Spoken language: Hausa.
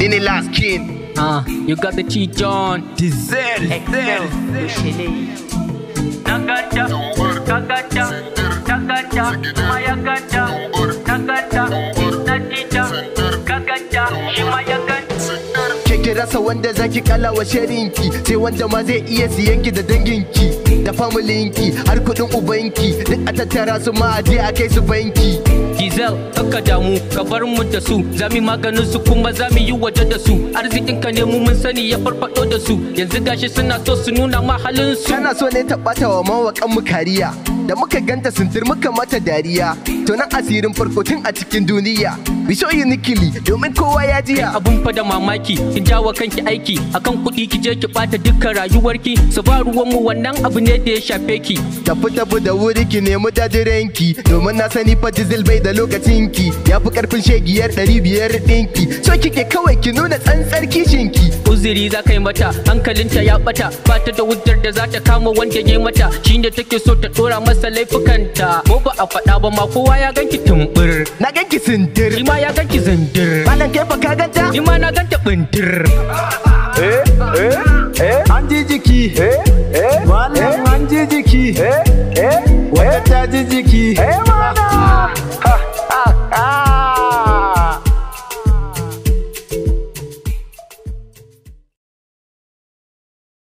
Dini last kin. Ah, uh, you got the cheat on. Diesel. Excel. Nagacha, Nagacha, Nagacha, Mayagacha, Nagacha, Nagacha, Nagacha, Shimayagacha. Ke kira sa wanda zaki kalawa sharinki sai wanda ma zai iya siyanki da danginki. da familinki har kuɗin ubanki duk a tattara su ma je a kai su banki Gizel ka damu ka bar mu da su zami maganin su kuma zami yi waje da su arzikin ka ne mu mun sani ya farfado da su yanzu gashi suna so su nuna ma halin su kana so ne ta bata wa mawakan mu kariya da muka ganta sintir muka mata dariya to nan asirin farko tun a cikin duniya show nikili domin kowa ya jiya abun fa da mamaki kin jawo kanki aiki akan kuɗi ki je ki bata dukkan rayuwarki su ba ruwan mu wannan abu ne da ya shafe ki tafi tafi da wuri ki nemi ki domin na sani fa dizil bai da lokacin ya fi karfin shegiyar ɗari biyar ɗinki so kike kawai ki nuna tsantsar kishin ki. uziri za ka yi mata hankalinta ya bata ba da hujjar da za ta kama wanda ya mata shine take so ta dora masa laifukanta mu ba a faɗa ba ma kowa ya ganki tumbur na ganki sindir shi ma ya ganki zindir malam kai ba ka ganta ni ma na ganta bintir eh eh eh an ji jiki eh eh malam an ji jiki eh eh, eh. wata ta ji jiki eh malam